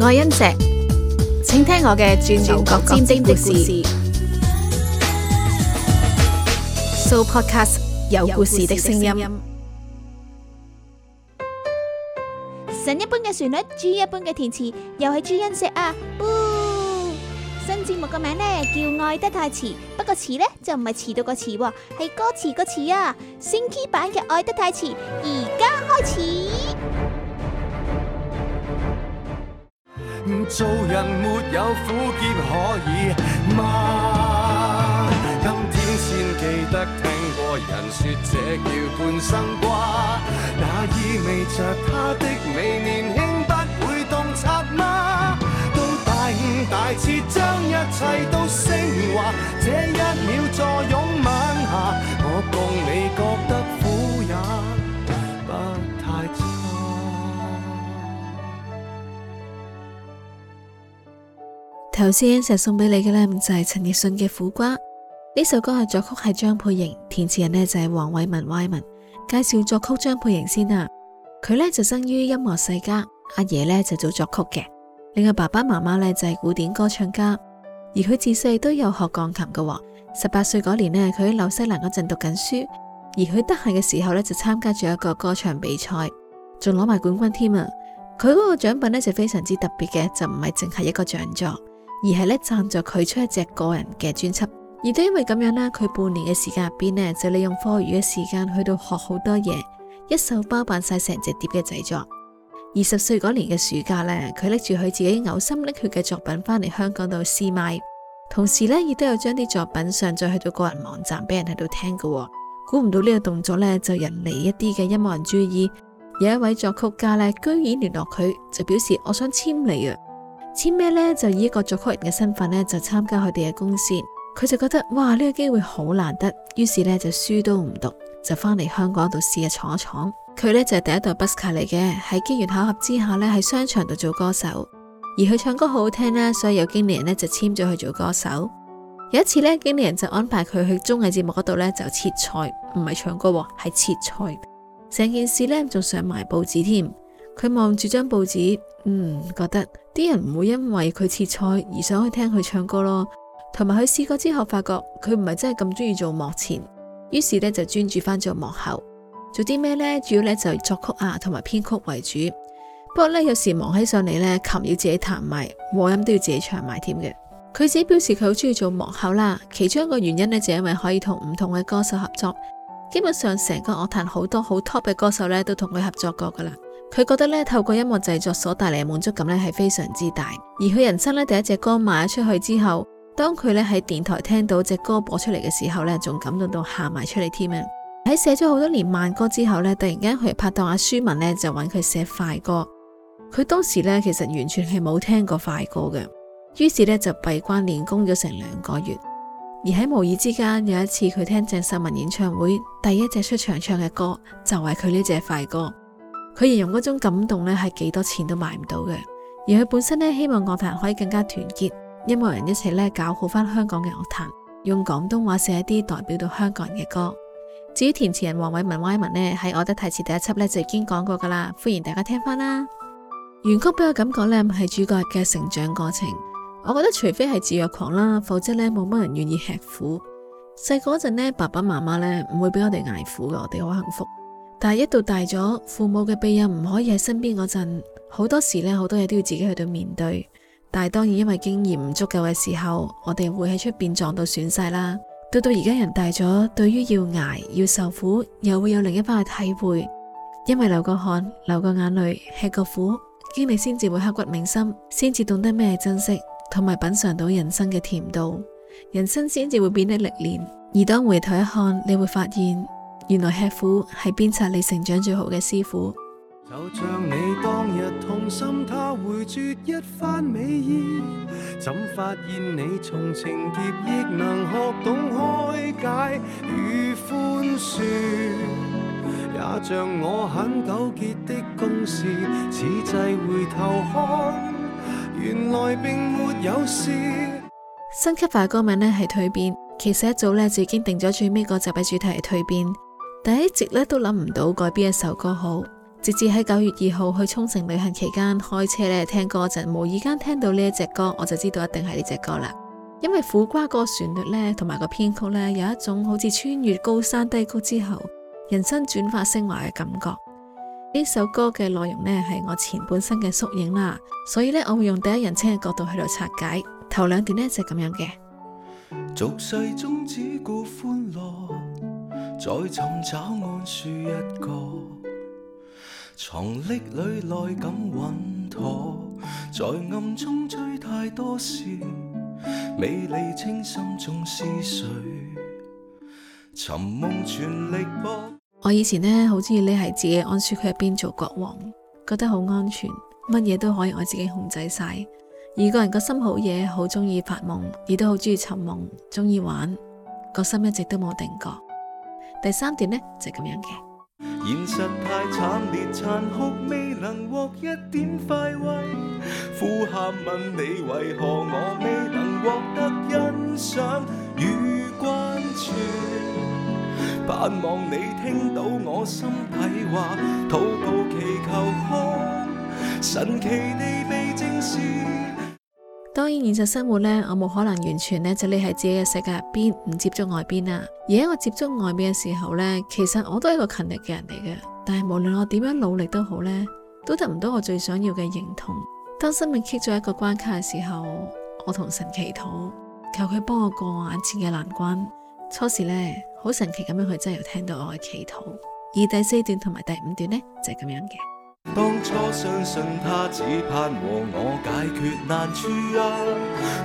愛恩石，請聽我嘅轉轉角尖尖的故事。So podcast 有故事的聲音。神一般嘅旋律，G 一般嘅填詞，又係朱恩石啊！新節目個名呢叫愛得太遲，不過詞呢就唔係遲到個遲，係歌詞個詞啊！升 key 版嘅愛得太遲，而家開始。做人沒有苦澀可以嗎？ 今天先記得聽過人説這叫半生瓜，那意味著他的未年輕不會洞察嗎？ 都大悟大徹將一切都升華，這一秒坐擁晚。頭先成日送俾你嘅咧，就係陳奕迅嘅《苦瓜》，呢首歌嘅作曲係張佩瑩，填詞人呢就係黃偉文。Y 文介紹作曲張佩瑩先啦，佢呢就生於音樂世家，阿爺呢就做作曲嘅，另外爸爸媽媽呢就係古典歌唱家，而佢自細都有學鋼琴嘅。十八歲嗰年呢，佢喺紐西蘭嗰陣讀緊書，而佢得閒嘅時候呢，就參加咗一個歌唱比賽，仲攞埋冠軍添啊！佢嗰個獎品呢，就非常之特別嘅，就唔係淨係一個獎座。而係咧，讚助佢出一隻個,個人嘅專輯，而都因為咁樣呢佢半年嘅時間入邊呢，就利用課餘嘅時間去到學好多嘢，一手包辦晒成隻碟嘅製作。二十歲嗰年嘅暑假呢，佢拎住佢自己嘔心瀝血嘅作品翻嚟香港度試賣，同時呢，亦都有將啲作品上載去到個人網站俾人喺度聽噶。估唔到呢個動作呢，就引嚟一啲嘅，音樂人注意，有一位作曲家呢，居然聯絡佢，就表示我想簽你啊！簽咩咧？就以一個作曲人嘅身份咧就參加佢哋嘅公司，佢就覺得哇，呢個機會好難得，於是咧就書都唔讀就翻嚟香港度試下，闖一闖。佢咧就係第一代 busker 嚟嘅，喺機緣巧合之下咧喺商場度做歌手，而佢唱歌好好聽咧，所以有經理人咧就簽咗佢做歌手。有一次咧，經理人就安排佢去綜藝節目嗰度咧就切菜，唔係唱歌，係切菜。成件事咧仲上埋報紙添。佢望住張報紙，嗯，覺得。啲人唔會因為佢切菜而想去聽佢唱歌咯，同埋佢試過之後發覺佢唔係真係咁中意做幕前，於是咧就專注翻做幕後，做啲咩咧？主要咧就作曲啊同埋編曲為主。不過咧有時忙起上嚟咧，琴要自己彈埋，和音都要自己唱埋添嘅。佢自己表示佢好中意做幕後啦，其中一個原因咧就因為可以同唔同嘅歌手合作，基本上成個樂壇好多好 top 嘅歌手咧都同佢合作過噶啦。佢覺得咧透過音樂製作所帶嚟嘅滿足感咧係非常之大，而佢人生咧第一隻歌賣咗出去之後，當佢咧喺電台聽到隻歌播出嚟嘅時候咧，仲感動到喊埋出嚟添啊！喺寫咗好多年慢歌之後咧，突然間佢拍檔阿、啊、舒文咧就揾佢寫快歌，佢當時咧其實完全係冇聽過快歌嘅，於是咧就閉關練功咗成兩個月，而喺無意之間有一次佢聽鄭秀文演唱會第一隻出場唱嘅歌就係佢呢隻快歌。佢形容嗰種感動咧，係幾多錢都買唔到嘅。而佢本身咧，希望樂壇可以更加團結，音樂人一齊咧搞好翻香港嘅樂壇，用廣東話寫啲代表到香港人嘅歌。至於填詞人黃偉文、歪文呢喺我得提詞第一輯呢就已經講過噶啦，歡迎大家聽翻啦。原曲俾我感覺呢，唔係主角嘅成長過程，我覺得除非係自虐狂啦，否則呢冇乜人願意吃苦。細嗰陣呢，爸爸媽媽呢唔會俾我哋捱苦嘅，我哋好幸福。但係一度大咗，父母嘅庇佑唔可以喺身邊嗰陣，好多時咧好多嘢都要自己去到面對。但係當然因為經驗唔足夠嘅時候，我哋會喺出邊撞到損晒啦。到到而家人大咗，對於要挨要受苦，又會有另一番嘅體會。因為流過汗、流過眼淚、吃過苦，經歷先至會刻骨銘心，先至懂得咩珍惜，同埋品嘗到人生嘅甜度。人生先至會變得歷練，而當回頭一看，你會發現。原來吃苦係鞭策你成長最好嘅師傅。就像像你你當日痛心。他回絕一番美意，怎發現你從情結亦能學懂開解與寬恕。也像我肯糾結的公事。此際回頭看，原來並沒有事。新級化歌名咧係蛻變，其實一早呢，就已經定咗最尾個集嘅主題係蛻變。但一直咧都諗唔到改邊一首歌好，直至喺九月二號去沖繩旅行期間開車咧聽歌陣，無意間聽到呢一隻歌，我就知道一定係呢隻歌啦。因為苦瓜個旋律呢，同埋個編曲呢，有一種好似穿越高山低谷之後，人生轉化升華嘅感覺。呢首歌嘅內容呢，係我前半生嘅縮影啦，所以呢，我會用第一人稱嘅角度去度拆解。頭兩段呢，就咁樣嘅。俗世中止過歡樂在尋找安舒一角，藏匿裏內感穩妥，在暗中追太多事，未理清心中思緒。尋夢全力搏。我以前呢，好鍾意匿喺自己嘅安舒區入邊做國王，覺得好安全，乜嘢都可以我自己控制晒。而個人個心好嘢，好鍾意發夢，亦都好鍾意尋夢，鍾意玩，個心一直都冇定過。第三點呢就係咁樣嘅。現實太慘烈、殘酷，未能獲一點快慰。呼喊問你，為何我未能獲得欣賞與關注？盼望你聽到我心底話，禱告祈求，呵，神奇地被正視。當然現實生活呢，我冇可能完全呢就匿喺自己嘅世界入邊，唔接觸外邊啦。而喺我接觸外邊嘅時候呢，其實我都係一個勤力嘅人嚟嘅。但係無論我點樣努力都好呢，都得唔到我最想要嘅認同。當生命棘咗一個關卡嘅時候，我同神祈禱，求佢幫我過我眼前嘅難關。初時呢，好神奇咁樣，佢真係有聽到我嘅祈禱。而第四段同埋第五段呢，就係、是、咁樣嘅。當初相信他，只盼和我解決難處啊！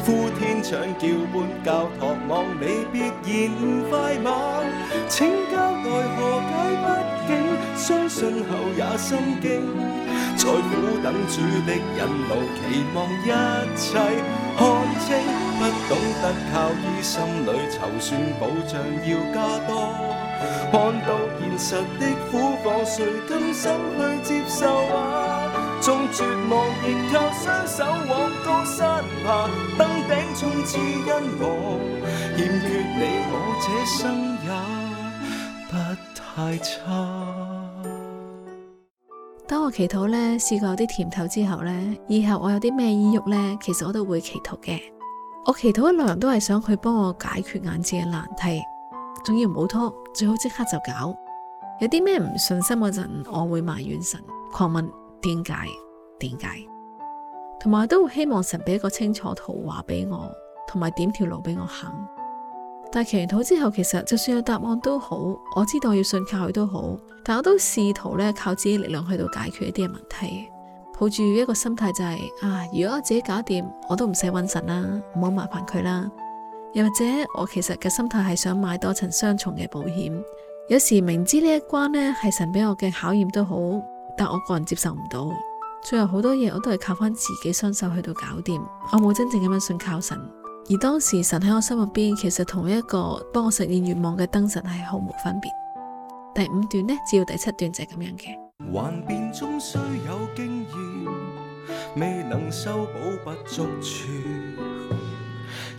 呼天搶叫般教堂望你必然快馬，請交代何解不？畢竟相信後也心驚，在苦等主的引路，期望一切看清，不懂得靠醫心裏籌算，保障要加多。看到現實的苦況，誰甘心去接受？啊，縱絕望仍靠雙手往高山爬，登頂從此因我欠缺你，我這生也不太差。當我祈禱呢，試過有啲甜頭之後呢，以後我有啲咩意欲呢？其實我都會祈禱嘅。我祈禱嘅內容都係想去幫我解決眼前嘅難題。仲要唔好拖，最好即刻就搞。有啲咩唔順心嗰陣，我會埋怨神，狂問點解點解，同埋都會希望神俾一個清楚圖畫俾我，同埋點條路俾我行。但祈完禱之後，其實就算有答案都好，我知道我要信靠佢都好，但我都試圖咧靠自己力量去到解決一啲嘅問題，抱住一個心態就係、是、啊，如果我自己搞掂，我都唔使揾神啦，唔好麻煩佢啦。又或者我其實嘅心態係想買多層雙重嘅保險，有時明知呢一關咧係神俾我嘅考驗都好，但我個人接受唔到。最後好多嘢我都係靠翻自己雙手去到搞掂，我冇真正咁樣信靠神。而當時神喺我心入邊，其實同一個幫我實現願望嘅燈神係毫無分別。第五段呢，只要第七段就係咁樣嘅。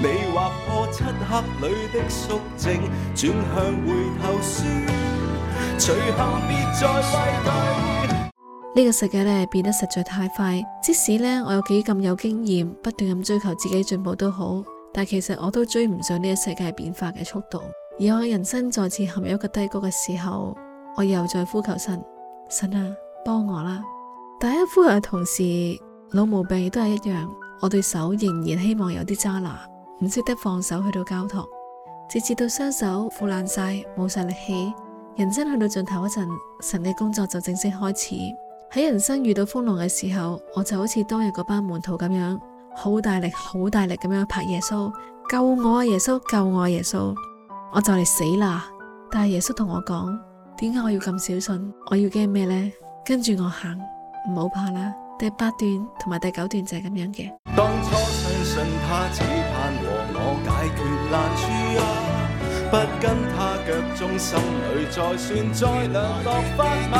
你劃破漆黑裏的轉向回頭後別再呢個世界呢，變得實在太快，即使呢，我有幾咁有經驗，不斷咁追求自己進步都好，但其實我都追唔上呢個世界變化嘅速度。而我人生再次陷入一個低谷嘅時候，我又再呼求神，神啊，幫我啦！但一呼求嘅同時，老毛病亦都係一樣，我對手仍然希望有啲渣男。唔識得放手，去到教堂，直至到雙手腐爛晒，冇晒力氣，人生去到盡頭嗰陣，神嘅工作就正式開始。喺人生遇到風浪嘅時候，我就好似當日嗰班門徒咁樣，好大力、好大力咁樣拍耶穌，救我啊！耶穌，救我啊！耶穌，我就嚟死啦！但係耶穌同我講：點解我要咁小信？我要驚咩呢？跟住我行，唔好怕啦！第八段同埋第九段就係咁樣嘅。當初信信絕難處啊！不跟他腳蹤，心裏再算再量落砝碼，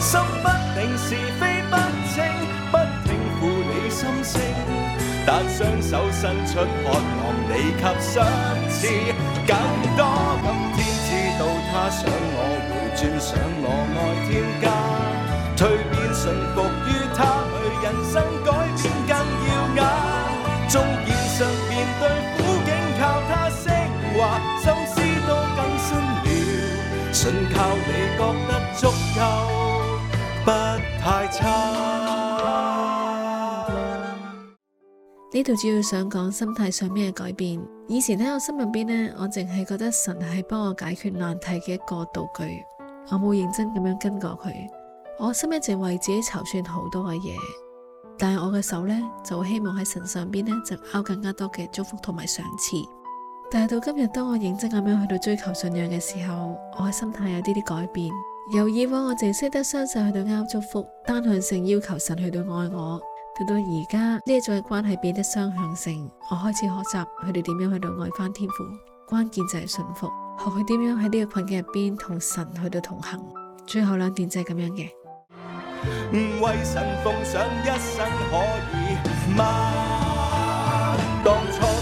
心不定是非不清，不聽負你心聲，但雙手伸出渴望你給相似。更多。今天知道他想我回轉，回尊想我愛添加。蛻變順服於他去，人生改變更耀眼。信靠你覺得足夠，不太差。呢度主要想講心態上面嘅改變。以前喺我心入邊呢，我淨係覺得神係幫我解決難題嘅一個道具，我冇認真咁樣跟過佢。我心一直為自己籌算好多嘅嘢，但係我嘅手呢，就希望喺神上邊呢，就攞更加多嘅祝福同埋賞賜。但係到今日，當我認真咁樣去到追求信仰嘅時候，我嘅心態有啲啲改變。由以往我淨係識得雙手去到攞祝福，單向性要求神去到愛我，到到而家呢一種嘅關係變得雙向性。我開始學習佢哋點樣去到愛翻天父，關鍵就係信服，學佢點樣喺呢個困境入邊同神去到同行。最後兩點就係咁樣嘅。唔為神奉上一生可以嗎？當初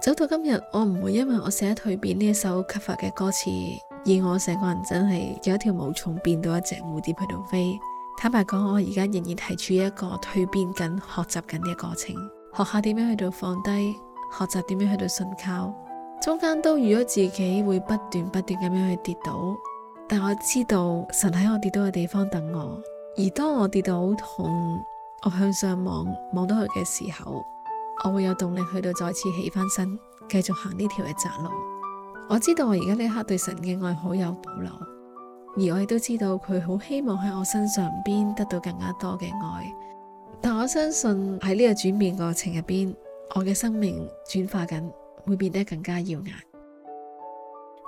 走到今日，我唔會因為我寫蛻變呢一首 cover 嘅歌詞，而我成個人真係有一條毛蟲變到一隻蝴蝶喺度飛。坦白講，我而家仍然係處於一個蛻變緊、學習緊嘅過程。學下點樣去到放低，學習點樣去到信靠，中間都預咗自己會不斷不斷咁樣去跌倒。但我知道神喺我跌倒嘅地方等我，而當我跌到好痛，我向上望望到佢嘅時候，我會有動力去到再次起翻身，繼續行呢條嘅窄路。我知道我而家呢一刻對神嘅愛好有保留，而我亦都知道佢好希望喺我身上邊得到更加多嘅愛。但我相信喺呢個轉變過程入邊，我嘅生命轉化緊，會變得更加耀眼。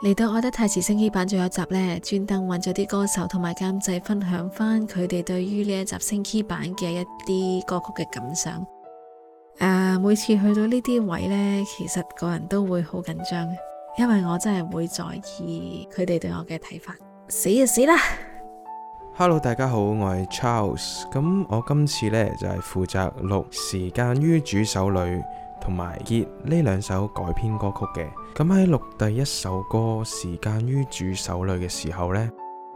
嚟到《愛得太遲》升 Key 版最後一集呢。專登揾咗啲歌手同埋監製分享返佢哋對於呢一集升 Key 版嘅一啲歌曲嘅感想。誒、呃，每次去到呢啲位呢，其實個人都會好緊張，因為我真係會在意佢哋對我嘅睇法。死就死啦！Hello，大家好，我係 Charles，咁我今次呢，就係、是、負責錄時間於主手女同埋結呢兩首改編歌曲嘅。咁喺錄第一首歌時間於主手裏嘅時候呢，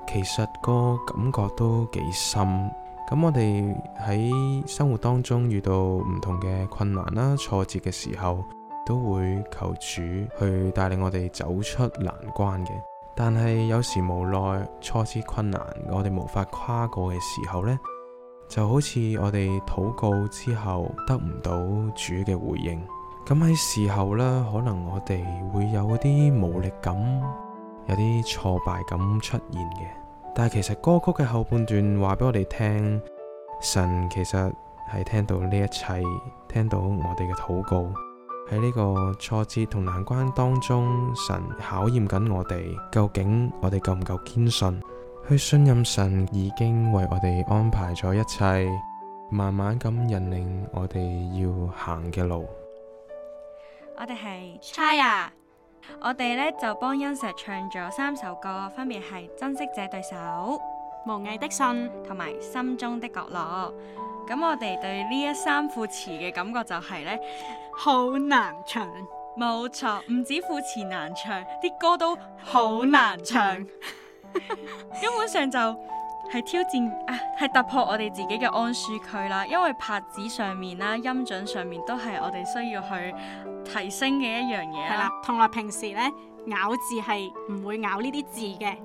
其實個感覺都幾深。咁我哋喺生活當中遇到唔同嘅困難啦、挫折嘅時候，都會求主去帶領我哋走出難關嘅。但係有時無奈，挫折困難我哋無法跨過嘅時候呢，就好似我哋禱告之後得唔到主嘅回應。咁喺事後呢，可能我哋會有啲無力感，有啲挫敗感出現嘅。但係其實歌曲嘅後半段話俾我哋聽，神其實係聽到呢一切，聽到我哋嘅禱告。喺呢個挫折同難關當中，神考驗緊我哋，究竟我哋夠唔夠堅信，去信任神已經為我哋安排咗一切，慢慢咁引領我哋要行嘅路。我哋係 Chaya，我哋咧就幫欣石唱咗三首歌，分別係《珍惜這對手》、《無畏的信》同埋《心中的角落》。咁我哋對呢一三副詞嘅感覺就係咧，好難唱。冇錯，唔止副詞難唱，啲歌都好難唱， 根本上就。係挑戰，啊，係突破我哋自己嘅安舒區啦。因為拍子上面啦，音準上面都係我哋需要去提升嘅一樣嘢啦。係啦，同埋平時咧咬字係唔會咬呢啲字嘅。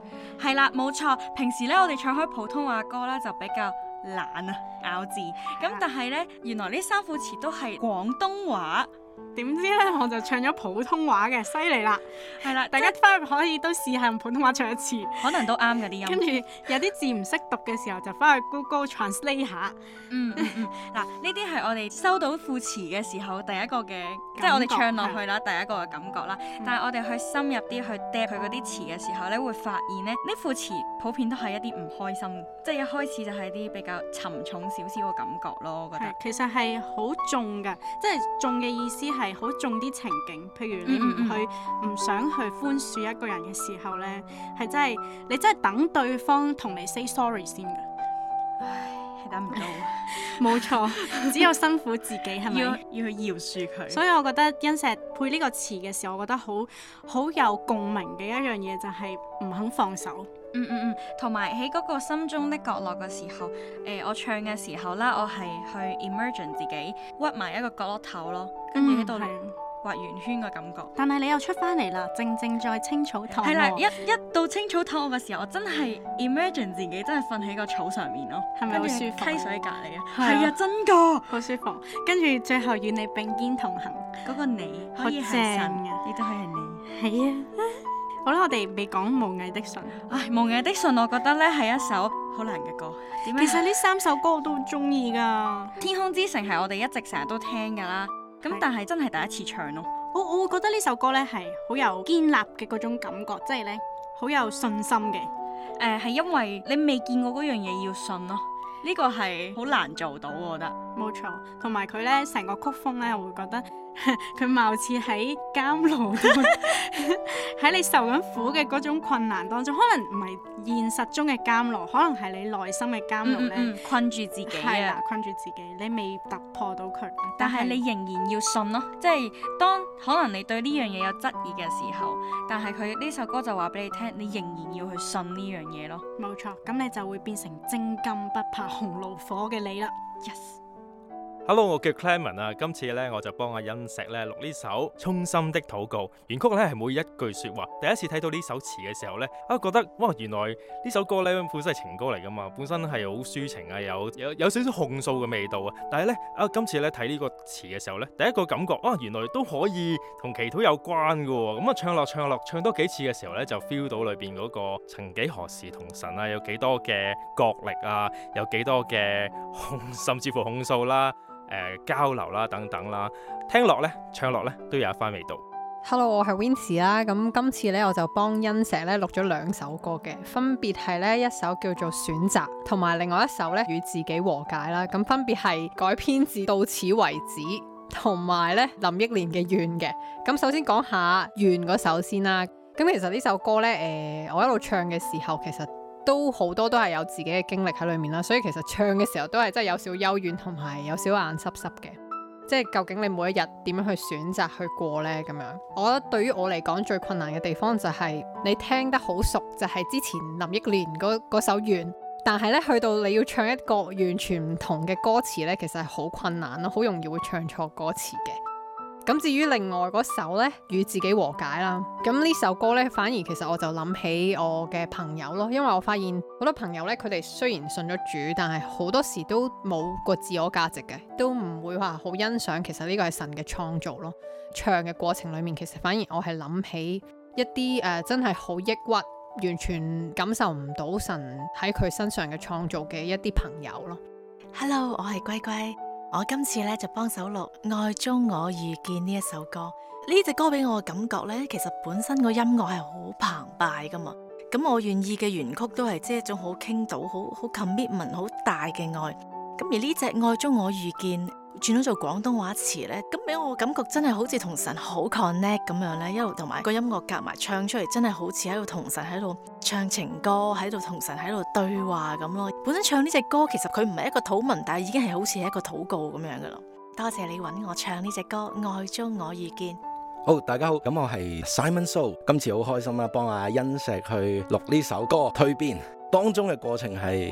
係啦，冇錯，平時咧我哋唱開普通話歌咧就比較懶啊咬字。咁但係咧，原來呢三副詞都係廣東話。點知咧，我就唱咗普通話嘅，犀利啦，係啦的，大家翻即去可以都試下用普通話唱一次，可能都啱嗰啲音。 跟住有啲字唔識讀嘅時候，就翻去 Google Translate 下。嗯嗯。嗱、嗯，呢啲係我哋收到副詞嘅時候第一個嘅，覺即係我哋唱落去啦，嗯、第一個嘅感覺啦。嗯、但係我哋去深入啲去釘佢嗰啲詞嘅時候咧，會發現咧，呢副詞普遍都係一啲唔開心，即係一開始就係啲比較沉重少少嘅感覺咯。我覺得其實係好重㗎，即係重嘅意思係。係好重啲情景，譬如你唔去，唔想去寬恕一個人嘅時候呢，係真係你真係等對方同你 say sorry 先嘅，係唉等唔到，冇錯，只有辛苦自己係咪 吧？要要去饒恕佢。所以我覺得殷石配呢個詞嘅時候，我覺得好好有共鳴嘅一樣嘢就係、是、唔肯放手。嗯嗯嗯，同埋喺嗰個心中的角落嘅時候，誒我唱嘅時候啦，我係去 emerge n 自己屈埋一個角落頭咯，跟住喺度畫圓圈嘅感覺。但係你又出翻嚟啦，正正在青草躺。係啦，一一到青草躺嘅時候，我真係 emerge n 自己，真係瞓喺個草上面咯，係咪好舒服？溪水隔離啊，係啊，真㗎，好舒服。跟住最後與你並肩同行，嗰個你可以係神嘅，亦都可以係你，係啊。好啦，我哋未講無畏的信。唉、哎，無畏的信，我覺得呢係一首好難嘅歌。麼其實呢三首歌我都好中意噶。天空之城係我哋一直成日都聽噶啦。咁是但係真係第一次唱咯，啊哦。我我會覺得呢首歌呢係好有建立嘅嗰種感覺，即、就、係、是、呢，好、嗯、有信心嘅。誒、呃，係因為你未見過嗰樣嘢要信咯。呢個係好、嗯、難做到，我覺得。冇錯。同埋佢呢成個曲風呢，我會覺得。佢 貌似喺監牢，喺你受緊苦嘅嗰種困難當中，可中，可能唔係現實中嘅監牢，可能係你內心嘅監牢咧，困住自己啊，困住自己，你未突破到佢，但係你仍然要信咯，即係當可能你對呢樣嘢有質疑嘅時候，但係佢呢首歌就話俾你聽，你仍然要去信呢樣嘢咯，冇錯，咁你就會變成精金不怕紅爐火嘅你啦，yes。Hello，我叫 Clement 啊。今次咧，我就幫阿欣石咧錄呢首《衷心的禱告》，原曲咧係每一句說話。第一次睇到呢首詞嘅時候咧，啊覺得哇，原來呢首歌咧本身係情歌嚟噶嘛，本身係好抒情啊，有有少少控訴嘅味道啊。但係咧啊，今次咧睇呢個詞嘅時候咧，第一個感覺啊，原來都可以同祈禱有關噶喎，啊。咁啊，唱落唱落唱多幾次嘅時候咧，就 feel 到裏邊嗰個曾幾何時同神啊，有幾多嘅角力啊，有幾多嘅控甚至乎控訴啦。誒、呃，交流啦，等等啦，聽落咧，唱落咧，都有一番味道。Hello，我係 Wins 啦，咁今次咧我就幫恩石咧錄咗兩首歌嘅，分別係咧一首叫做《選擇》，同埋另外一首咧與自己和解啦，咁分別係改編自《到此為止》，同埋咧林憶蓮嘅《怨》嘅。咁首先講下《怨》嗰首先啦，咁其實呢首歌咧，誒、呃，我一路唱嘅時候其實。都好多都係有自己嘅經歷喺裏面啦，所以其實唱嘅時候都係真係有少少幽怨同埋有少少眼濕濕嘅，即係究竟你每一日點樣去選擇去過呢？咁樣，我覺得對於我嚟講最困難嘅地方就係你聽得好熟，就係、係、之前林憶蓮嗰首怨，但係呢，去到你要唱一個完全唔同嘅歌詞呢，其實係好困難咯，好容易會唱錯歌詞嘅。咁至於另外嗰首呢，與自己和解啦。咁呢首歌呢，反而其實我就諗起我嘅朋友咯，因為我發現好多朋友呢，佢哋雖然信咗主，但係好多時都冇個自我價值嘅，都唔會話好欣賞。其實呢個係神嘅創造咯。唱嘅過程裡面，其實反而我係諗起一啲誒、呃、真係好抑鬱，完全感受唔到神喺佢身上嘅創造嘅一啲朋友咯。Hello，我係乖乖。我今次咧就幫手錄《愛中我遇見》呢一首歌。呢隻歌俾我嘅感覺咧，其實本身個音樂係好澎湃噶嘛。咁我願意嘅原曲都係即係一種好傾倒、好好 commitment、好大嘅愛。咁而呢隻《愛中我遇見》。轉咗做廣東話詞咧，咁俾我感覺真係好似同神好 connect 咁樣咧，一路同埋個音樂夾埋唱出嚟，真係好似喺度同神喺度唱情歌，喺度同神喺度對話咁咯。本身唱呢隻歌其實佢唔係一個禱文，但係已經係好似一個禱告咁樣噶啦。多謝你搵我唱呢隻歌《愛中我遇見》。好，大家好，咁我係 Simon So，今次好開心啊，幫阿恩石去錄呢首歌《蛻變》。當中嘅過程係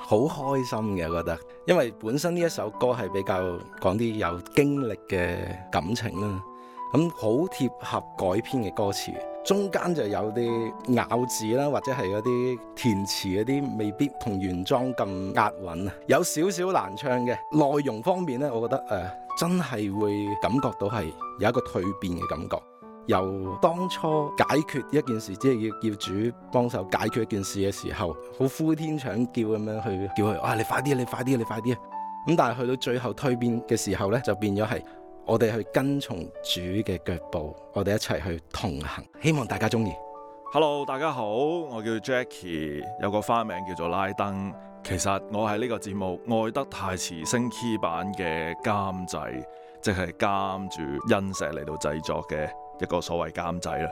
好開心嘅，我覺得，因為本身呢首歌係比較講啲有經歷嘅感情啦，咁好貼合改編嘅歌詞，中間就有啲咬字啦，或者係嗰啲填詞嗰啲未必同原裝咁押韻啊，有少少難唱嘅。內容方面呢，我覺得，呃，真係會感覺到係有一個蛻變嘅感覺。由當初解決一件事，即係要叫主幫手解決一件事嘅時候，好呼天搶叫咁樣去叫佢，哇、啊！你快啲，你快啲，你快啲啊！咁但係去到最後蛻變嘅時候呢，就變咗係我哋去跟從主嘅腳步，我哋一齊去同行。希望大家鍾意。Hello，大家好，我叫 Jacky，有個花名叫做拉登。其實我係呢個節目《愛得太遲》升 K 版嘅監製，即係監住印石嚟到製作嘅。一個所謂監製啦，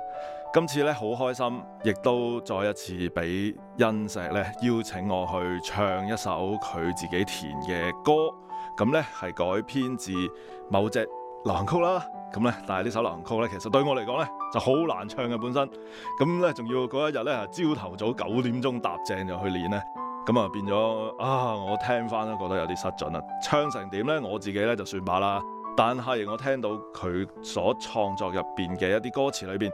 今次咧好開心，亦都再一次俾欣石咧邀請我去唱一首佢自己填嘅歌，咁咧係改編自某隻流行曲啦，咁咧但係呢首流行曲咧其實對我嚟講咧就好難唱嘅本身，咁咧仲要嗰一日咧朝頭早九點鐘搭正就去練咧，咁啊變咗啊我聽翻都覺得有啲失準啦，唱成點咧我自己咧就算把啦。但係我聽到佢所創作入邊嘅一啲歌詞裏邊，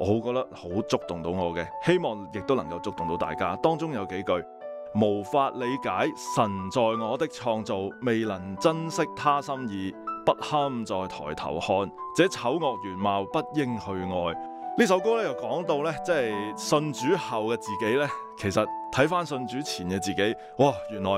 我好覺得好觸動到我嘅，希望亦都能夠觸動到大家。當中有幾句，無法理解神在我的創造，未能珍惜他心意，不堪再抬頭看，這醜惡原貌不應去愛。呢首歌咧又講到咧，即係信主後嘅自己咧，其實睇返信主前嘅自己，哇，原來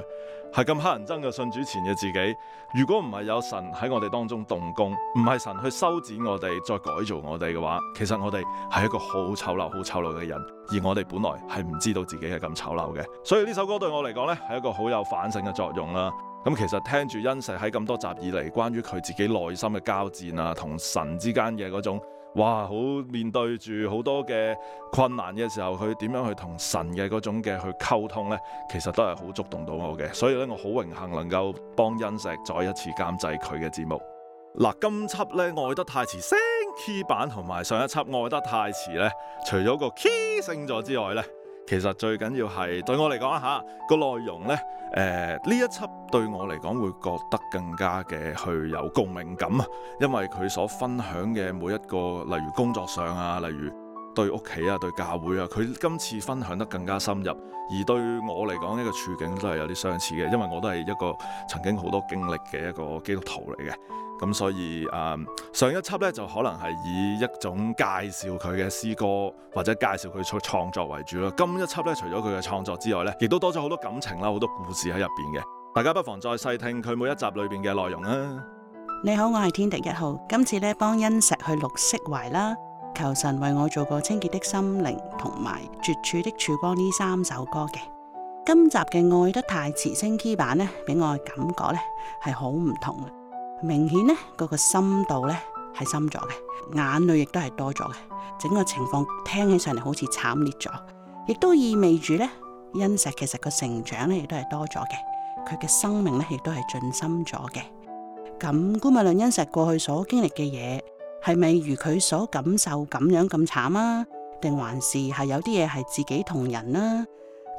係咁黑人憎嘅信主前嘅自己。如果唔係有神喺我哋當中動工，唔係神去修剪我哋、再改造我哋嘅話，其實我哋係一個好醜陋、好醜陋嘅人。而我哋本來係唔知道自己係咁醜陋嘅。所以呢首歌對我嚟講咧，係一個好有反省嘅作用啦。咁其實聽住恩世喺咁多集以嚟，關於佢自己內心嘅交戰啊，同神之間嘅嗰種。哇！好面對住好多嘅困難嘅時候，佢點樣去同神嘅嗰種嘅去溝通呢？其實都係好觸動到我嘅，所以咧我好榮幸能夠幫恩石再一次監製佢嘅節目。嗱、啊，今輯呢，愛得太遲升 key 版，同埋上一輯愛得太遲呢，除咗個 key 升咗之外呢。其實最緊要係對我嚟講啦嚇，個內容呢，誒、呃、呢一輯對我嚟講會覺得更加嘅去有共鳴感，因為佢所分享嘅每一個，例如工作上啊，例如，對屋企啊，對教會啊，佢今次分享得更加深入，而對我嚟講，呢個處境都係有啲相似嘅，因為我都係一個曾經好多經歷嘅一個基督徒嚟嘅，咁所以誒、嗯，上一輯呢就可能係以一種介紹佢嘅詩歌或者介紹佢創創作為主咯，今一輯呢，除咗佢嘅創作之外呢，亦都多咗好多感情啦，好多故事喺入邊嘅，大家不妨再細聽佢每一集裏邊嘅內容啊！你好，我係天敵一號，今次呢幫恩石去綠色懷啦。求神為我做過清潔的心靈同埋絕處的曙光呢三首歌嘅，今集嘅愛得太遲，升 k 版呢，俾我嘅感覺呢係好唔同嘅，明顯呢嗰個深度呢係深咗嘅，眼淚亦都係多咗嘅，整個情況聽起上嚟好似慘烈咗，亦都意味住呢恩石，其實個成長呢亦都係多咗嘅，佢嘅生命呢亦都係進深咗嘅，咁姑勿論，恩石過去所經歷嘅嘢。係咪如佢所感受咁樣咁慘啊？定還是係有啲嘢，係自己同人啦、啊、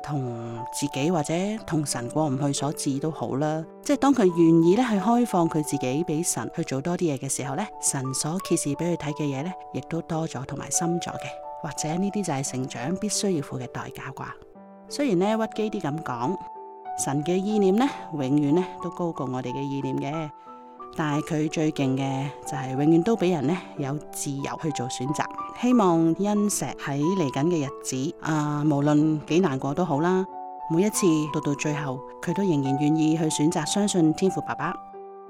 同自己或者同神過唔去所致都好啦、啊。即係當佢願意咧，去開放佢自己俾神去做多啲嘢嘅時候咧，神所揭示俾佢睇嘅嘢咧，亦都多咗同埋深咗嘅。或者呢啲就係成長必須要付嘅代價啩？雖然咧，屈機啲咁講，神嘅意念咧，永遠咧，都高過我哋嘅意念嘅。但係佢最勁嘅就係、是、永遠都俾人呢有自由去做選擇，希望恩石喺嚟緊嘅日子啊、呃，無論幾難過都好啦，每一次到到最後，佢都仍然願意去選擇相信天父爸爸，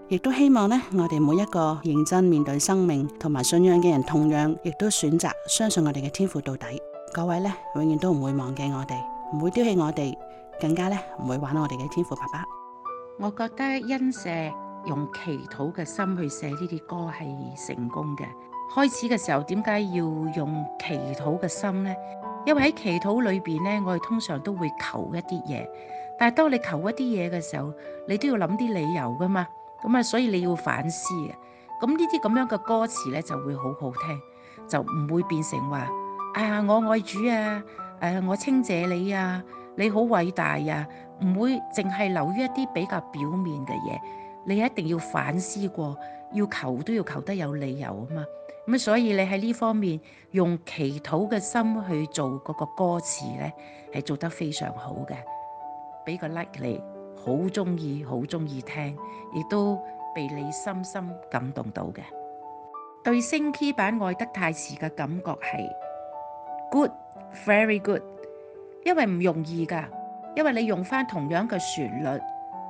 亦都希望呢，我哋每一個認真面對生命同埋信仰嘅人，同樣亦都選擇相信我哋嘅天父到底。各位呢，永遠都唔會忘記我哋，唔會丟棄我哋，更加呢，唔會玩我哋嘅天父爸爸。我覺得恩石。用祈禱嘅心去寫呢啲歌係成功嘅。開始嘅時候點解要用祈禱嘅心呢？因為喺祈禱裏邊咧，我哋通常都會求一啲嘢。但係當你求一啲嘢嘅時候，你都要諗啲理由噶嘛。咁啊，所以你要反思嘅。咁呢啲咁樣嘅歌詞咧就會好好聽，就唔會變成話、哎、呀，我愛主啊，誒、哎、我稱謝你啊，你好偉大呀、啊。」唔會淨係流於一啲比較表面嘅嘢。你一定要反思過，要求都要求得有理由啊嘛。咁、嗯、所以你喺呢方面用祈禱嘅心去做嗰個歌詞咧，係做得非常好嘅。俾個 like 你，好中意，好中意聽，亦都被你深深感動到嘅。 對升 key 版愛得太遲嘅感覺係 good，very good，因為唔容易㗎，因為你用返同樣嘅旋律。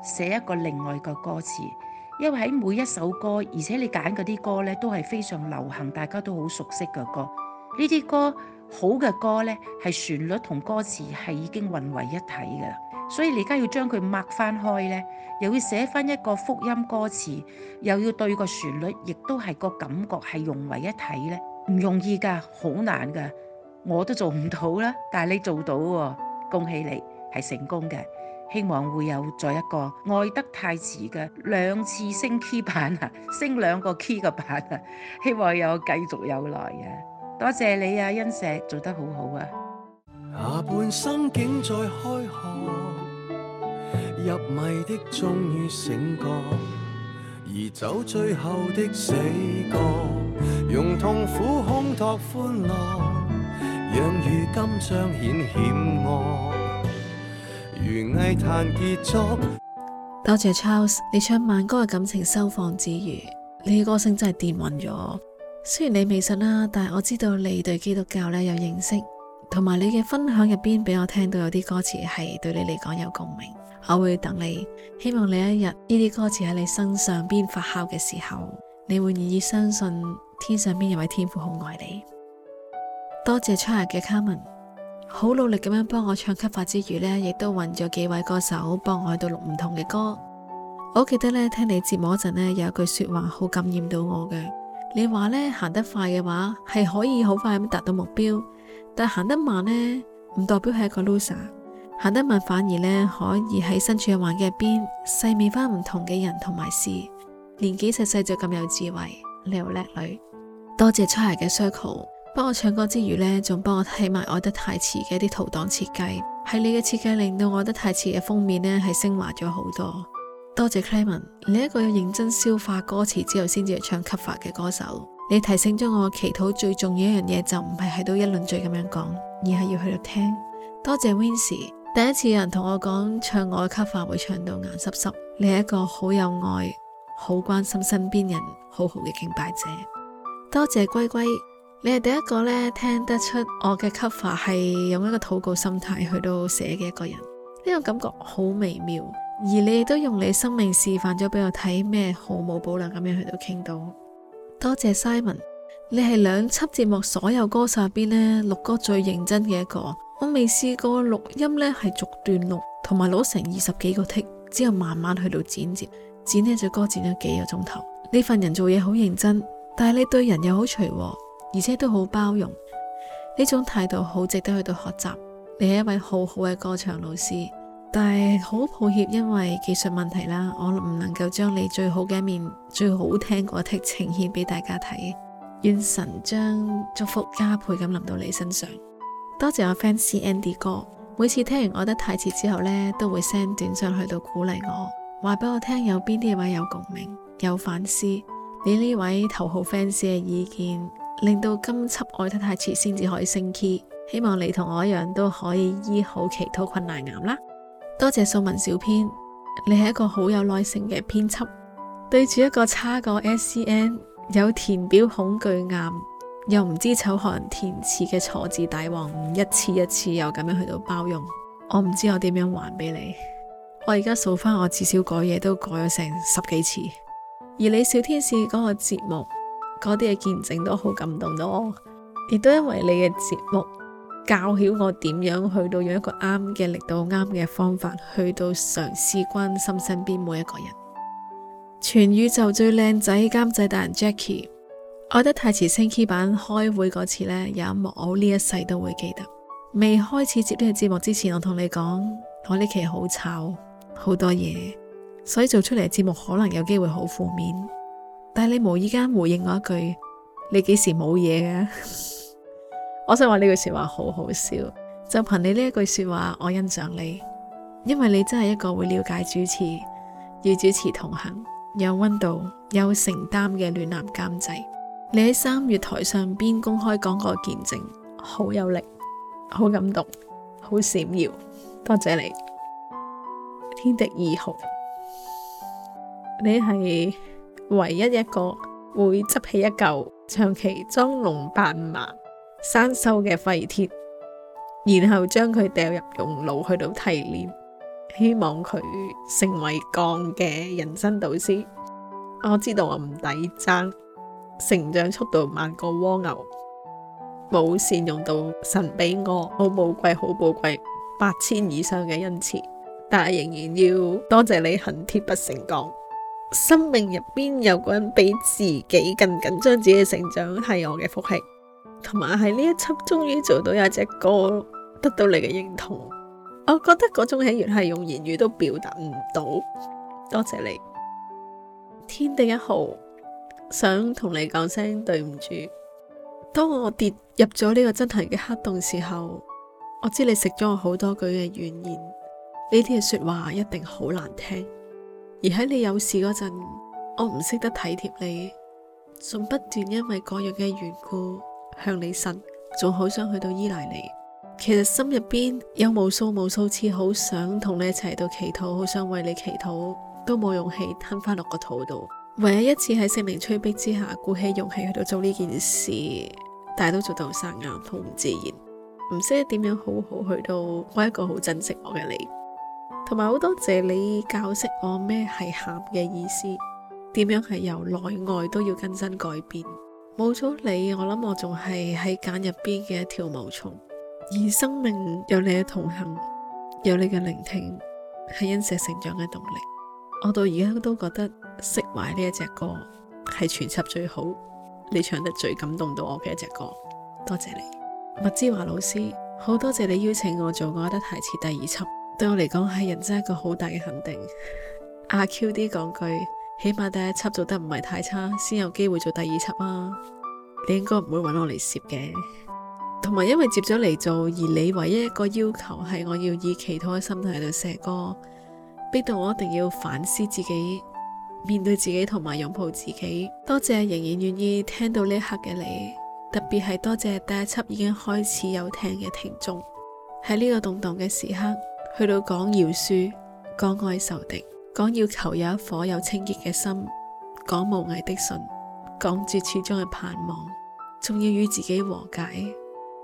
寫一個另外個歌詞，因為喺每一首歌，而且你揀嗰啲歌咧都係非常流行，大家都好熟悉嘅歌。呢啲歌好嘅歌咧，係旋律同歌詞係已經混為一體嘅啦。所以你而家要將佢擘翻開咧，又要寫翻一個福音歌詞，又要對個旋律，亦都係個感覺係融為一體咧，唔容易㗎，好難㗎，我都做唔到啦。但係你做到喎、哦，恭喜你，係成功嘅。希望會有再一個愛得太遲嘅兩次升 key 版啊，升兩個 key 嘅版啊，希望有繼續有來嘅，多謝你啊，欣石做得好好啊！下半多謝 Charles，你唱慢歌嘅感情收放自如。你嘅歌聲真係電暈咗。雖然你未信啦，但係我知道你對基督教咧有認識，同埋你嘅分享入邊俾我聽到有啲歌詞係對你嚟講有共鳴。我會等你，希望你一日呢啲歌詞喺你身上邊發酵嘅時候，你會願意相信天上邊有位天父好愛你。多謝 Charles 嘅卡文。好努力咁樣幫我唱 cover 之餘呢，亦都揾咗幾位歌手幫我喺度錄唔同嘅歌。我記得呢，聽你節目嗰陣呢，有一句說話好感染到我嘅，你話呢，行得快嘅話係可以好快咁達到目標，但行得慢呢，唔代表係一個 loser，行得慢反而呢，可以喺身處嘅環境入邊細味翻唔同嘅人同埋事。年紀細細就咁有智慧，你又叻女，多謝出嚟嘅 Circle。」幫我唱歌之餘呢，仲幫我起埋《愛得太遲》嘅一啲圖檔設計，係你嘅設計令到《愛得太遲》嘅封面呢，係升華咗好多。多謝 Clement，你一個要認真消化歌詞之後先至去唱 cover 嘅歌手。你提醒咗我祈禱最重要一,一樣嘢就唔係喺度一輪嘴咁樣講，而係要去度聽。多謝 Wins，第一次有人同我講唱我 cover 會唱到眼濕濕。你係一個好有愛、好關心身邊人、好好嘅敬拜者。多謝龜龜。你係第一個咧聽得出我嘅 cover 係用一個禱告心態去到寫嘅一個人，呢種感覺好微妙。而你亦都用你的生命示範咗俾我睇咩毫無保留咁樣去到傾到。多謝 Simon，你係兩輯節目所有歌手入邊咧錄歌最認真嘅一個。我未試過錄音咧係逐段錄，同埋攞成二十幾個 tick 之後慢慢去到剪接。剪咧隻歌剪咗幾個鐘頭。呢份人做嘢好認真，但係你對人又好隨和。而且都好包容，呢種態度，好值得去到學習。你係一位好好嘅歌唱老師，但係好抱歉，因為技術問題啦，我唔能夠將你最好嘅一面，最好聽嗰啲呈現俾大家睇。願神將祝福加倍咁臨到你身上。多謝我 fans Andy 哥，每次聽完我得太詞之後呢，都會 send 短信去到鼓勵我，話俾我聽有邊啲位有共鳴，有反思。你呢位頭號 fans 嘅意見令到今輯愛得太遲先至可以升 key，希望你同我一樣都可以醫好其他困難癌啦！多謝素文小編，你係一個好有耐性嘅編輯，對住一個差過 S C N 有填表恐懼癌又唔知醜害填詞嘅錯字大王，一次一次又咁樣去到包容，我唔知道我點樣還俾你。我而家數返，我至少改嘢都改咗成十幾次，而你小天使嗰個節目。嗰啲嘅見證都好感動到我，亦都因為你嘅節目教曉我點樣去到用一個啱嘅力度、啱嘅方法去到嘗試關心身邊每一個人。全宇宙最靚仔監製大人 Jacky，愛得太遲，升 key 版開會嗰次呢，有一幕我呢一世都會記得。未開始接呢個節目之前，我同你講，我呢期好醜，好多嘢，所以做出嚟嘅節目可能有機會好負面。但係你無意間回應我一句，你幾時冇嘢呀？ 我想話呢句說話好好笑，就憑你呢一句說話，我欣賞你，因為你真係一個會了解主持，與主持同行，有温度，有承擔嘅暖男監製。你喺三月台上邊公開講過見證，好有力，好感動，好閃耀，多謝你。天敵二號，你係。唯一一個會執起一嚿長期裝聾扮盲生鏽嘅廢鐵，然後將佢掉入熔爐去到提煉，希望佢成為鋼嘅人生導師。我知道我唔抵爭，成長速度慢過蝸牛，冇善用到神俾我好寶貴、好寶貴八千以上嘅恩賜，但係仍然要多謝謝你恨鐵不成鋼。生命入邊有個人比自己更緊張自己嘅成長係我嘅福氣，同埋喺呢一輯終於做到有隻歌得到你嘅認同，我覺得嗰種喜悅係用言語都表達唔到，多謝你。天地一號，想同你講聲對唔住。當我跌入咗呢個真係嘅黑洞時候，我知你食咗我好多句嘅怨言，呢啲嘅說話一定好難聽。而喺你有事嗰陣，我唔識得體貼你，仲不斷因為各樣嘅緣故向你呻，仲好想去到依賴你。其實心入邊有無數無數次好想同你一齊到祈禱，好想為你祈禱，都冇勇氣吞翻落個肚度。唯一一次喺聖靈催逼之下鼓起勇氣去到做呢件事，但係都做到好生硬，好唔自然，唔識得點樣好好去到愛一個好珍惜我嘅你。同埋好多謝你教識我咩係喊嘅意思，點樣係由內外都要更新改變。冇咗你，我諗我仲係喺繭入邊嘅一條毛蟲。而生命有你嘅同行，有你嘅聆聽，係因石成長嘅動力。我到而家都覺得釋懷呢一隻歌係全輯最好，你唱得最感動到我嘅一隻歌。多謝你，麥之華老師，好多謝你邀請我做愛得提示第二輯。對我嚟講係人生一個好大嘅肯定。阿 Q 啲講句，起碼第一輯做得唔係太差，先有機會做第二輯啊。你應該唔會揾我嚟攝嘅，同埋因為接咗嚟做，而你唯一一個要求係我要以其他嘅心態喺度寫歌，逼到我一定要反思自己，面對自己同埋擁抱自己。多謝仍然願意聽到呢一刻嘅你，特別係多謝第一輯已經開始有聽嘅聽眾，喺呢個動蕩嘅時刻。去到講饒恕，講愛仇敵，講要求有一顆有清潔嘅心，講無畏的信，講絕處中嘅盼望，仲要與自己和解。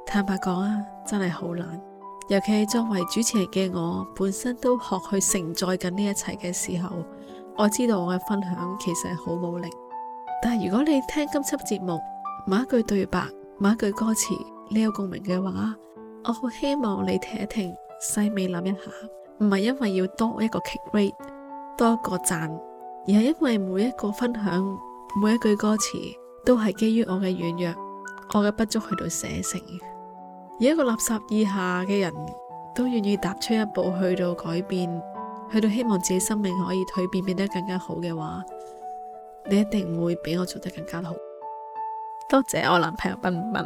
坦白講啊，真係好難。尤其係作為主持人嘅我，本身都學去承載緊呢一切嘅時候，我知道我嘅分享其實係好冇力。但係如果你聽今輯節目，某一句對白，某一句歌詞，你有共鳴嘅話，我好希望你聽一聽。細味諗一下，唔係因為要多一個 kick rate，多一個讚，而係因為每一個分享，每一句歌詞，都係基於我嘅軟弱，我嘅不足去到寫成。而一個垃圾以下嘅人都願意踏出一步去到改變，去到希望自己生命可以蛻變，變得更加好嘅話，你一定會比我做得更加好。多謝我男朋友斌斌，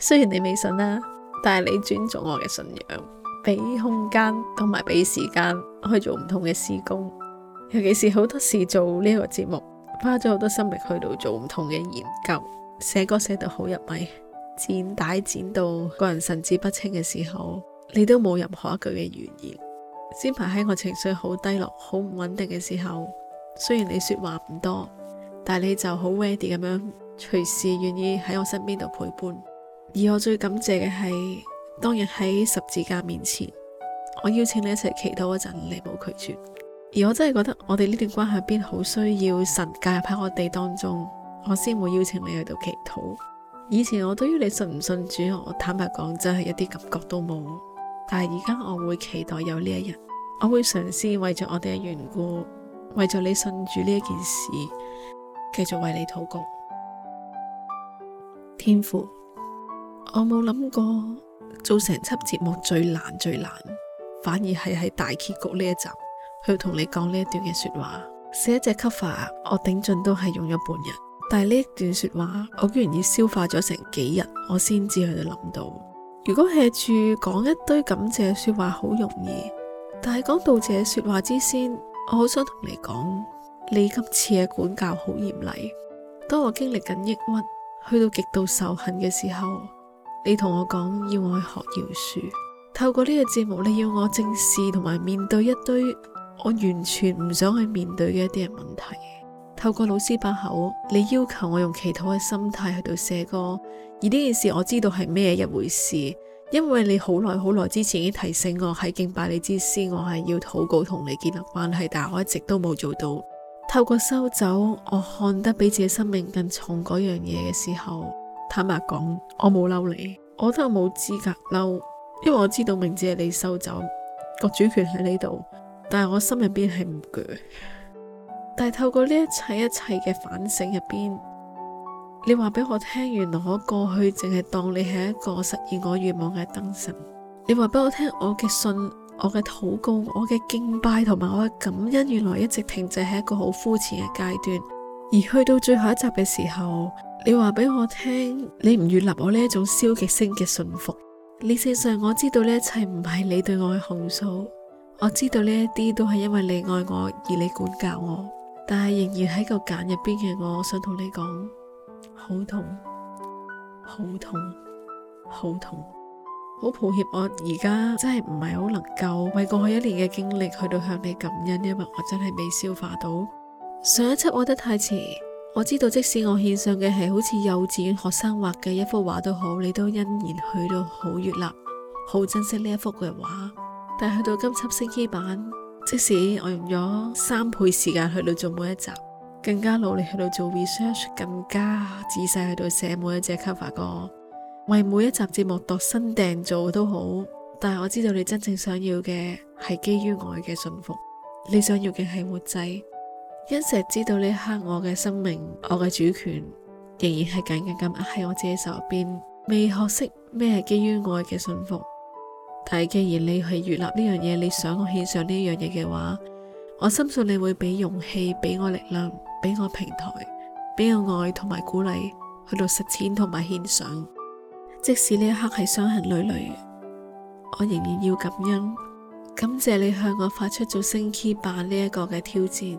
雖然你未信啦、啊，但係你尊重我嘅信仰。俾空間，同埋俾時間去做唔同嘅事工，尤其是好多時做呢個節目，花咗好多心力去到做唔同嘅研究，寫歌寫得好入迷，剪帶剪到個人神志不清嘅時候，你都冇任何一句嘅怨言。先排喺我情緒好低落、好唔穩定嘅時候，雖然你說話唔多，但係你就好 ready 咁樣，隨時願意喺我身邊度陪伴。而我最感謝嘅係。當日喺十字架面前，我邀請你一齊祈禱嗰陣，你冇拒絕。而我真係覺得，我哋呢段關係入邊好需要神介入喺我哋當中，我先會邀請你去到祈禱。以前我對於你信唔信主，我坦白講真係一啲感覺都冇。但係而家我會期待有呢一日，我會嘗試為咗我哋嘅緣故，為咗你信主呢件事，繼續為你禱告。天父，我冇諗過。做成輯節目最難最難，反而係喺大結局呢一集，去同你講呢一段嘅說話。寫隻 cover，我頂盡都係用咗半日，但係呢一段說話，我居然已消化咗成幾日，我先至去到諗到。如果係住講一堆感謝說話好容易，但係講道謝說話之先，我好想同你講，你今次嘅管教好嚴厲。當我經歷緊抑鬱，去到極度仇恨嘅時候。你同我講，要我去學饒恕，透過呢個節目，你要我正視同埋面對一堆我完全唔想去面對嘅一啲嘅問題。透過老師把口，你要求我用祈禱嘅心態去到寫歌，而呢件事我知道係咩一回事，因為你好耐好耐之前已經提醒我喺敬拜你之先，我係要禱告同你建立關係，但我一直都冇做到。透過收走，我看得比自己生命更重嗰樣嘢嘅時候。坦白講，我冇嬲你，我都冇資格嬲，因為我知道名字係你收走，個主權喺呢度，但係我心入邊係唔攰。但係透過呢一切一切嘅反省入邊，你話俾我聽，原來我過去淨係當你係一個實現我願望嘅燈神。你話俾我聽，我嘅信、我嘅禱告、我嘅敬拜同埋我嘅感恩，原來一直停滯喺一個好膚淺嘅階段。而去到最後一集嘅時候。你話俾我聽，你唔願立我呢一種消極性嘅信服。理性上我知道呢一切唔係你對我嘅控訴，我知道呢一啲都係因為你愛我而你管教我。但係仍然喺個繭入邊嘅我，我想同你講，好痛，好痛，好痛，好抱歉，我而家真係唔係好能夠為過去一年嘅經歷去到向你感恩，因為我真係未消化到。上一輯我得太遲。我知道，即使我獻上嘅係好似幼稚園學生畫嘅一幅畫都好，你都欣然去到好悅納，好珍惜呢一幅嘅畫。但係去到今輯星期版，即使我用咗三倍時間去到做每一集，更加努力去到做 research，更加仔細去到寫每一隻 cover 歌，為每一集節目度身訂做都好。但係我知道你真正想要嘅係基於我嘅信服，你想要嘅係活祭。因為知道呢刻我嘅生命，我嘅主權仍然係緊緊咁握喺我自己手入邊，未學識咩係基於愛嘅信服。但係既然你係悅納呢樣嘢，你想我獻上呢樣嘢嘅話，我深信你會俾勇氣，俾我力量，俾我平台，俾我愛同埋鼓勵去到實踐同埋獻上。即使呢一刻係傷痕累累，我仍然要感恩，感謝你向我發出做聖器版呢一個嘅挑戰。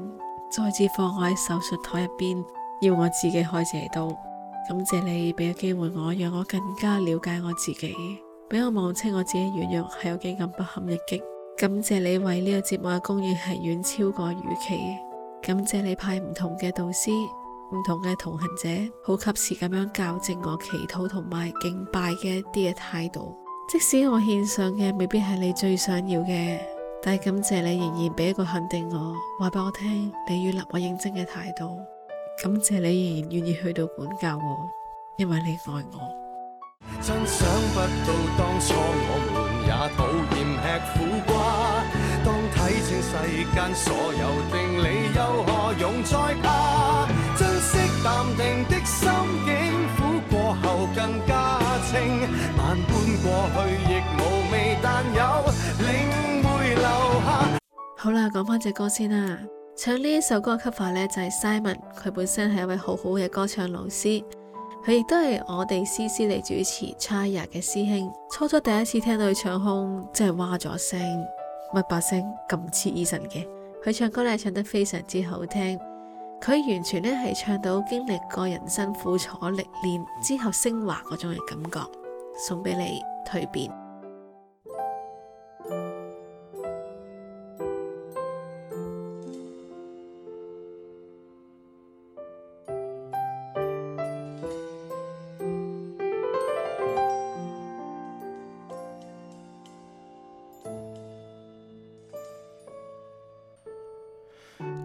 再次放我喺手術台入邊，要我自己開這刀。感謝你俾個機會我，讓我更加了解我自己，俾我望清我自己軟弱係有幾咁不堪一擊。感謝你為呢個節目嘅供應係遠超過預期。感謝你派唔同嘅導師、唔同嘅同行者，好及時咁樣教正我祈禱同埋敬拜嘅一啲嘅態度。即使我獻上嘅未必係你最想要嘅。但係感謝你仍然俾一個肯定我，話俾我聽你要立我認真嘅態度，感謝你仍然願意去到管教我，因為你愛我。好啦，講翻隻歌先啦。唱呢一首歌嘅 cover 呢，就係、是、Simon，佢本身係一位好好嘅歌唱老師，佢亦都係我哋詩詩嚟主持 Chaya 嘅師兄。初初第一次聽到佢唱空，真係哇咗聲，乜把聲咁似 Eason 嘅。佢唱歌呢，唱得非常之好聽，佢完全呢，係唱到經歷過人生苦楚歷練之後升華嗰種嘅感覺，送俾你蛻變。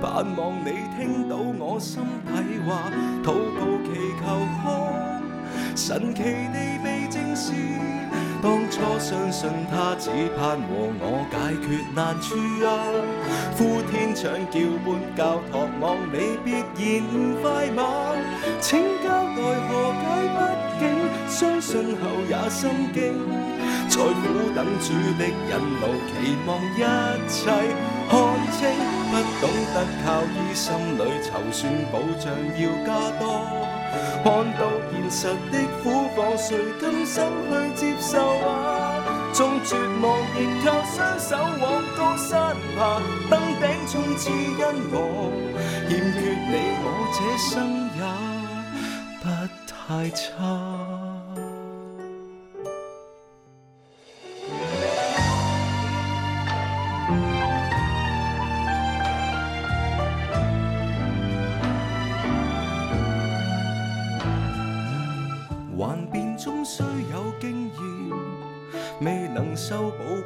盼望你聽到我心底話，禱告祈求下神奇地被證實。當初相信他，只盼和我解決難處啊！呼天搶叫般教堂望你別嫌快馬，請交代何解？畢竟相信後也心驚。在苦等主的引路，期望一切看清，不懂得靠於，心裏籌算保障要加多。看到現實的苦況，誰甘心去接受啊？縱絕望仍靠雙手往高山爬，登頂終止因我欠缺你，我這生也不太差。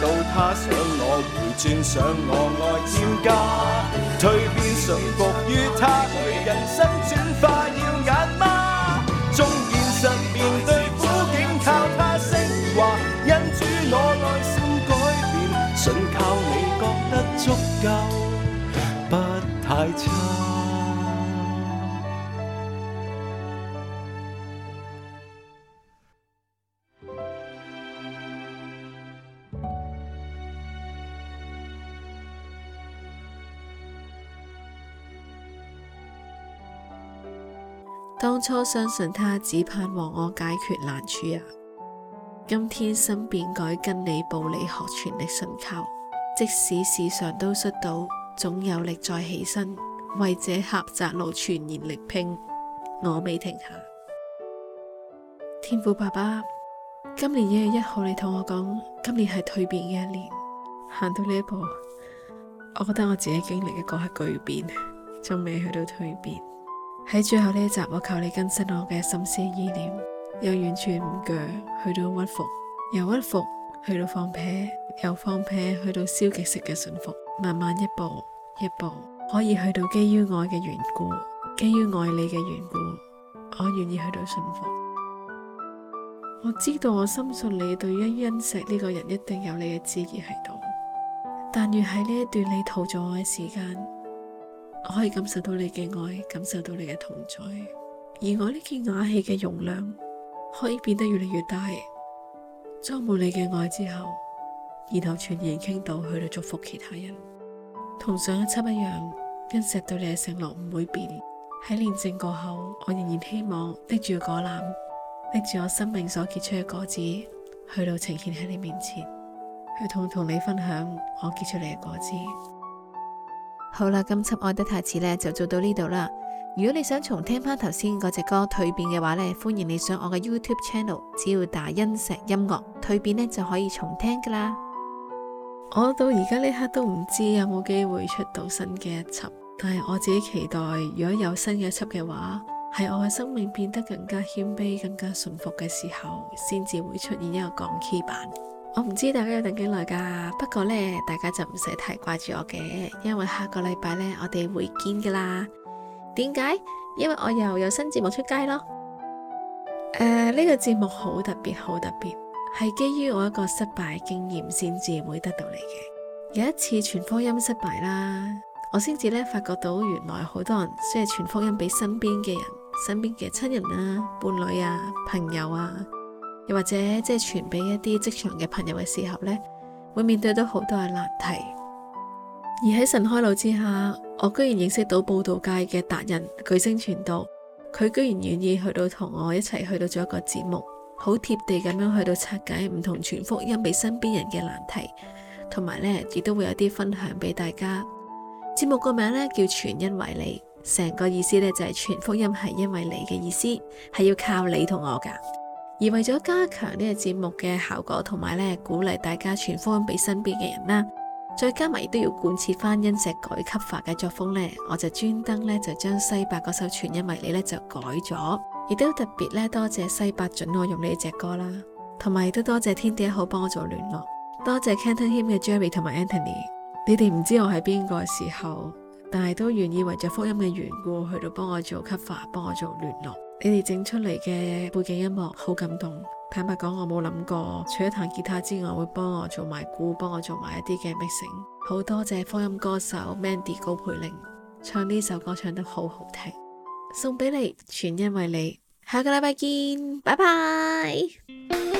到他想我回轉，想我愛漸加。蛻變順服於他，人生轉化要眼嗎？縱現實面對苦境，靠他昇華，因主我內心改變，純靠你覺得足夠，不太差。初相信他，只盼望我解決難處啊！今天新變改跟你步，你學全力信靠，即使時常都摔倒，總有力再起身，為這狹窄路全然力拼。我未停下。天父爸爸，今年一月一號你同我講，今年係蛻變嘅一年，行到呢一步，我覺得我自己經歷一個係巨變，仲未去到蛻變。喺最後呢一集，我求你更新我嘅心思的意念，由完全唔屈，去到屈服，由屈服去到放屁，由放屁去到消極式嘅順服，慢慢一步一步，可以去到基於愛嘅緣故，基於愛你嘅緣故，我願意去到順服。我知道我深信你對於欣石呢個人一定有你嘅旨意喺度，但願喺呢一段你逃咗我嘅時間。我可以感受到你嘅愛，感受到你嘅同在，而我呢件瓦器嘅容量可以變得越嚟越大，裝滿你嘅愛之後，然後全然傾倒去到祝福其他人。同上一輯一樣，跟石對你嘅承諾唔會變。喺煉證過後，我仍然希望拎住果籃，拎住我生命所結出嘅果子，去到呈現喺你面前，去同同你分享我結出嚟嘅果子。好啦，今輯愛得太遲呢，就做到呢度啦。如果你想重聽翻頭先嗰隻歌蛻變嘅話呢，歡迎你上我嘅 YouTube channel，只要打音石音樂蛻變呢，就可以重聽噶啦。我到而家呢刻都唔知有冇機會出到新嘅一輯，但係我自己期待，如果有新嘅一輯嘅話，係我嘅生命變得更加謙卑、更加順服嘅時候，先至會出現一個降 key 版。我唔知大家要等幾耐噶，不過呢，大家就唔使太掛住我嘅，因為下個禮拜呢，我哋會見噶啦。點解？因為我又有新節目出街咯。誒、呃、呢、這個節目好特別，好特別，係基於我一個失敗經驗先至會得到嚟嘅。有一次傳福音失敗啦，我先至呢發覺到原來好多人需要傳福音俾身邊嘅人，身邊嘅親人啊、伴侶啊、朋友啊。又或者即係傳俾一啲職場嘅朋友嘅時候呢，會面對到好多嘅難題。而喺神開路之下，我居然認識到報道界嘅達人巨星傳道，佢居然願意去到同我一齊去到做一個節目，好貼地咁樣去到拆解唔同傳福音俾身邊人嘅難題，同埋呢，亦都會有啲分享俾大家。節目個名呢，叫傳因為你，成個意思呢，就係傳福音係因為你嘅意思，係要靠你同我㗎。而為咗加強呢個節目嘅效果，同埋呢，鼓勵大家傳福音俾身邊嘅人啦，再加埋亦都要貫徹翻音石改 cover 嘅作風呢，我就專登呢，就將西伯嗰首《全因為你》呢，就改咗，亦都特別呢，多謝西伯準我用呢隻歌啦，同埋亦都多謝天地一號幫我做聯絡，多謝 Canton Hymn 嘅 Jerry 同埋 Anthony，你哋唔知我係邊個時候，但係都願意為著福音嘅緣故去到幫我做 cover，v 幫我做聯絡。你哋整出嚟嘅背景音樂好感動，坦白講，我冇諗過，除咗彈吉他之外，會幫我做埋鼓，幫我做埋一啲嘅 mixing，好多謝科音歌手 Mandy 高培玲唱呢首歌唱得好好聽，送俾你全因為你，下個禮拜見，拜拜。